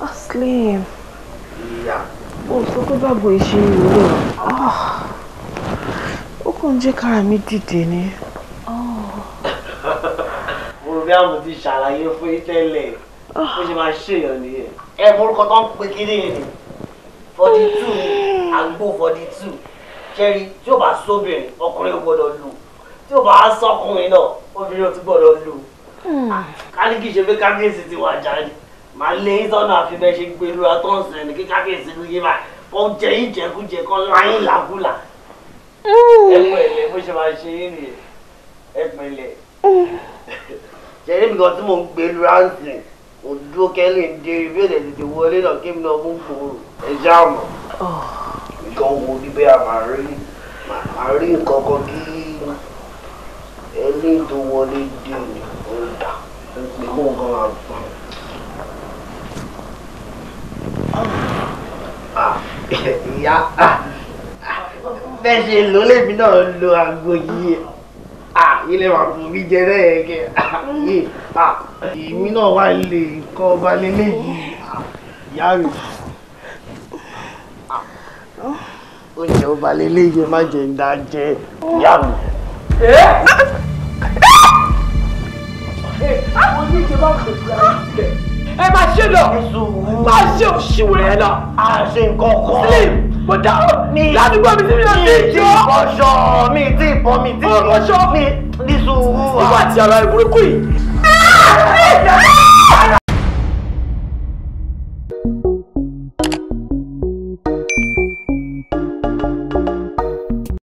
Aslim. Ìyá. Mo sọ pé bàbá ìṣe ìwúlò. Ah. Ó kàn jẹ́ kára mi dìde ni. Oh. Mo rò bí àwọn ti ṣàlàyé fún yín tẹ́lẹ̀. Ah. Bó ṣe máa ṣèyàn nìyẹn. Ẹ morúkọ tó ń pe kiri yìí ni. Forty two ni àgbo forty two. Ṣẹ́rí tí ó bá sóbìnrin, ọkùnrin ò gbọ́dọ̀ lù. Tí ó bá sọkùnrin náà, obìnrin ò tún gbọ́dọ̀ lù. Hmm. Káníkì ṣe fẹ́ kábíyèsí ti wà jáde màá lé yín sọ́nà àfi bẹ́ẹ̀ ṣe gbèrú àtọ́nsẹ̀ ní kíkà kí èsì yín bá kọ́ jẹ yín jẹkújẹ kọ́ láyé làkúlà. ẹgbẹ́ ilé bó ṣe máa ṣe yín nìyẹn ẹgbẹ́ ilé. ṣèlérí kan tí mò ń gbèrú ráǹsì kò dúró kẹ́lí ń dé ibi èdè tètè wọlé náà kí mi náà mú gbòòrò ẹ já nǹkan wo bíbẹ́ àmàrí nǹkan kan kí ìyá bẹ́ẹ̀ ṣe lò lèmi náà lo aago yìí ilé wa fún mi jẹ lẹ́yẹ̀kẹ́ èmi náà wá lè kọ́ ọba lélẹ́ yìí ìyá rẹ̀ oúnjẹ ọba lélẹ́ yìí má jẹ ń jẹ ìyá mi. Hey, I will need you back to the ẹ máa ṣe lọ máa ṣe òṣìwèrè ẹ lọ. a ṣe nǹkan kan. slim mo dáhùn ládùúgbò mi sí mi lọ sí ìjọ. mi ti bọ́ṣọ mi ti bọ́ mi ti bọ́ṣọ mi ní sùúrù. ìwà àti ara ìbúrúkú yìí. Ah! Ah!